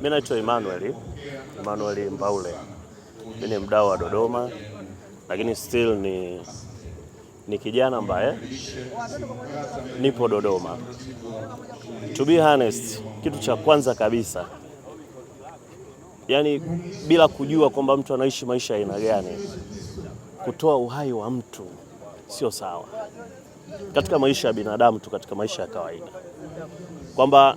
Mimi naitwa Emmanuel, Emmanuel Mbaule. Mimi ni mdau wa Dodoma, lakini still ni, ni kijana ambaye nipo Dodoma. To be honest, kitu cha kwanza kabisa yaani, bila kujua kwamba mtu anaishi maisha aina gani, kutoa uhai wa mtu sio sawa katika maisha ya binadamu tu, katika maisha ya kawaida kwamba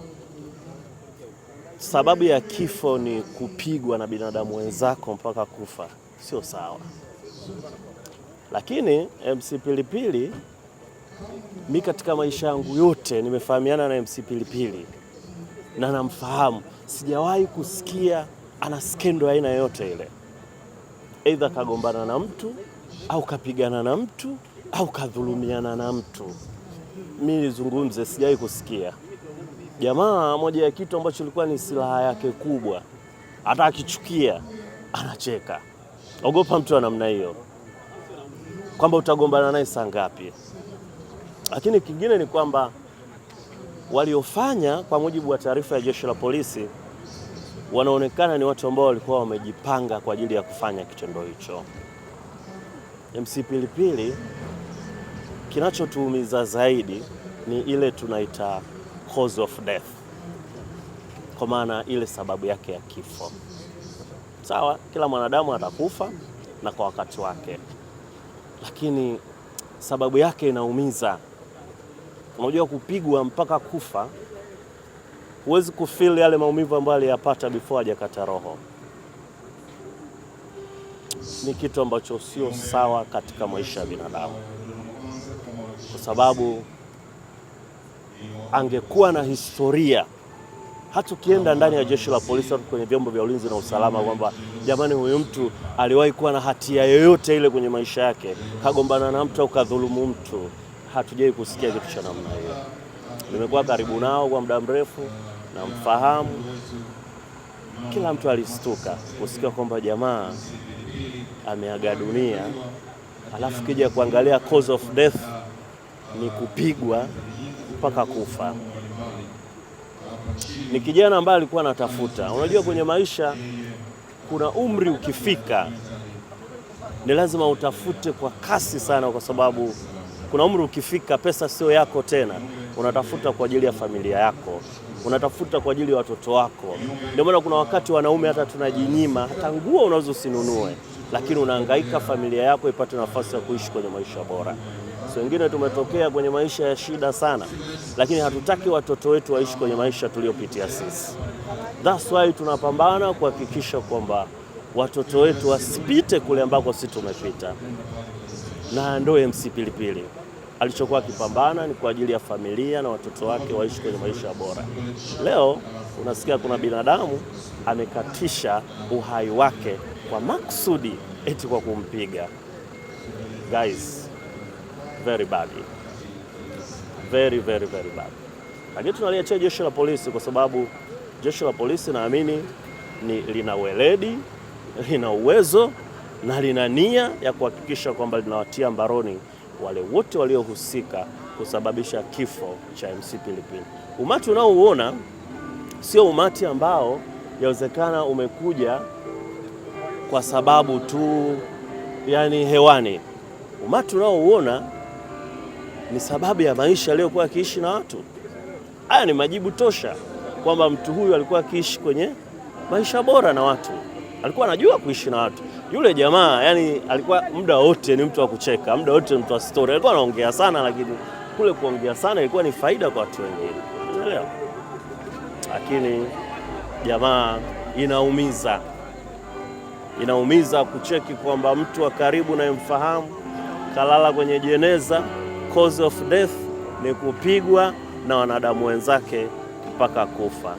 sababu ya kifo ni kupigwa na binadamu wenzako mpaka kufa, sio sawa. Lakini MC Pilipili, mi katika maisha yangu yote nimefahamiana na MC Pilipili na namfahamu, sijawahi kusikia ana skendo aina yoyote ile, aidha kagombana na mtu au kapigana na mtu au kadhulumiana na mtu. Mi nizungumze, sijawahi kusikia Jamaa moja ya kitu ambacho ilikuwa ni silaha yake kubwa, hata akichukia anacheka. Ogopa mtu wa namna hiyo, kwamba utagombana naye saa ngapi. Lakini kingine ni kwamba waliofanya, kwa mujibu wa taarifa ya jeshi la polisi, wanaonekana ni watu ambao walikuwa wamejipanga kwa ajili ya kufanya kitendo hicho. MC Pilipili, kinachotuumiza zaidi ni ile tunaita cause of death, kwa maana ile sababu yake ya kifo. Sawa, kila mwanadamu atakufa na kwa wakati wake, lakini sababu yake inaumiza. Unajua, kupigwa mpaka kufa huwezi kufeel yale maumivu ambayo aliyapata before hajakata roho. Ni kitu ambacho sio sawa katika maisha ya binadamu, kwa sababu angekuwa na historia hata ukienda ndani ya jeshi la polisi kwenye vyombo vya ulinzi na usalama, kwamba jamani, huyu mtu aliwahi kuwa na hatia yoyote ile kwenye maisha yake, kagombana na mtu au kadhulumu mtu, hatujai kusikia kitu cha namna hiyo. Nimekuwa karibu nao kwa muda mrefu, namfahamu kila mtu. Alistuka kusikia kwamba jamaa ameaga dunia, alafu kija kuangalia cause of death ni kupigwa mpaka kufa. Ni kijana ambaye alikuwa anatafuta. Unajua, kwenye maisha kuna umri ukifika ni lazima utafute kwa kasi sana, kwa sababu kuna umri ukifika pesa sio yako tena. Unatafuta kwa ajili ya familia yako, unatafuta kwa ajili ya watoto wako. Ndio maana kuna wakati wanaume hata tunajinyima, hata nguo unaweza usinunue, lakini unahangaika familia yako ipate nafasi ya kuishi kwenye maisha bora. Wengine tumetokea kwenye maisha ya shida sana, lakini hatutaki watoto wetu waishi kwenye maisha tuliyopitia sisi. That's why tunapambana kuhakikisha kwamba watoto wetu wasipite kule ambako sisi tumepita, na ndo MC Pilipili alichokuwa akipambana ni kwa ajili ya familia na watoto wake waishi kwenye maisha bora. Leo unasikia kuna binadamu amekatisha uhai wake kwa maksudi eti kwa kumpiga guys very badly. Very, very, very bad. Lakini tunaliachia jeshi la polisi kwa sababu jeshi la polisi naamini ni lina weledi, lina uwezo na lina nia ya kuhakikisha kwamba linawatia mbaroni wale wote waliohusika kusababisha kifo cha MC Pilipili. Umati unaouona sio umati ambao yawezekana umekuja kwa sababu tu yani hewani. Umati unaouona ni sababu ya maisha aliyokuwa akiishi na watu. Haya ni majibu tosha kwamba mtu huyu alikuwa akiishi kwenye maisha bora na watu, alikuwa anajua kuishi na watu. Yule jamaa yani, alikuwa muda wote ni mtu wa kucheka, muda wote mtu wa story, alikuwa anaongea sana, lakini kule kuongea sana ilikuwa ni faida kwa watu wengine, unaelewa. Lakini jamaa, inaumiza, inaumiza kucheki kwamba mtu wa karibu nayemfahamu kalala kwenye jeneza cause of death ni kupigwa na wanadamu wenzake mpaka kufa.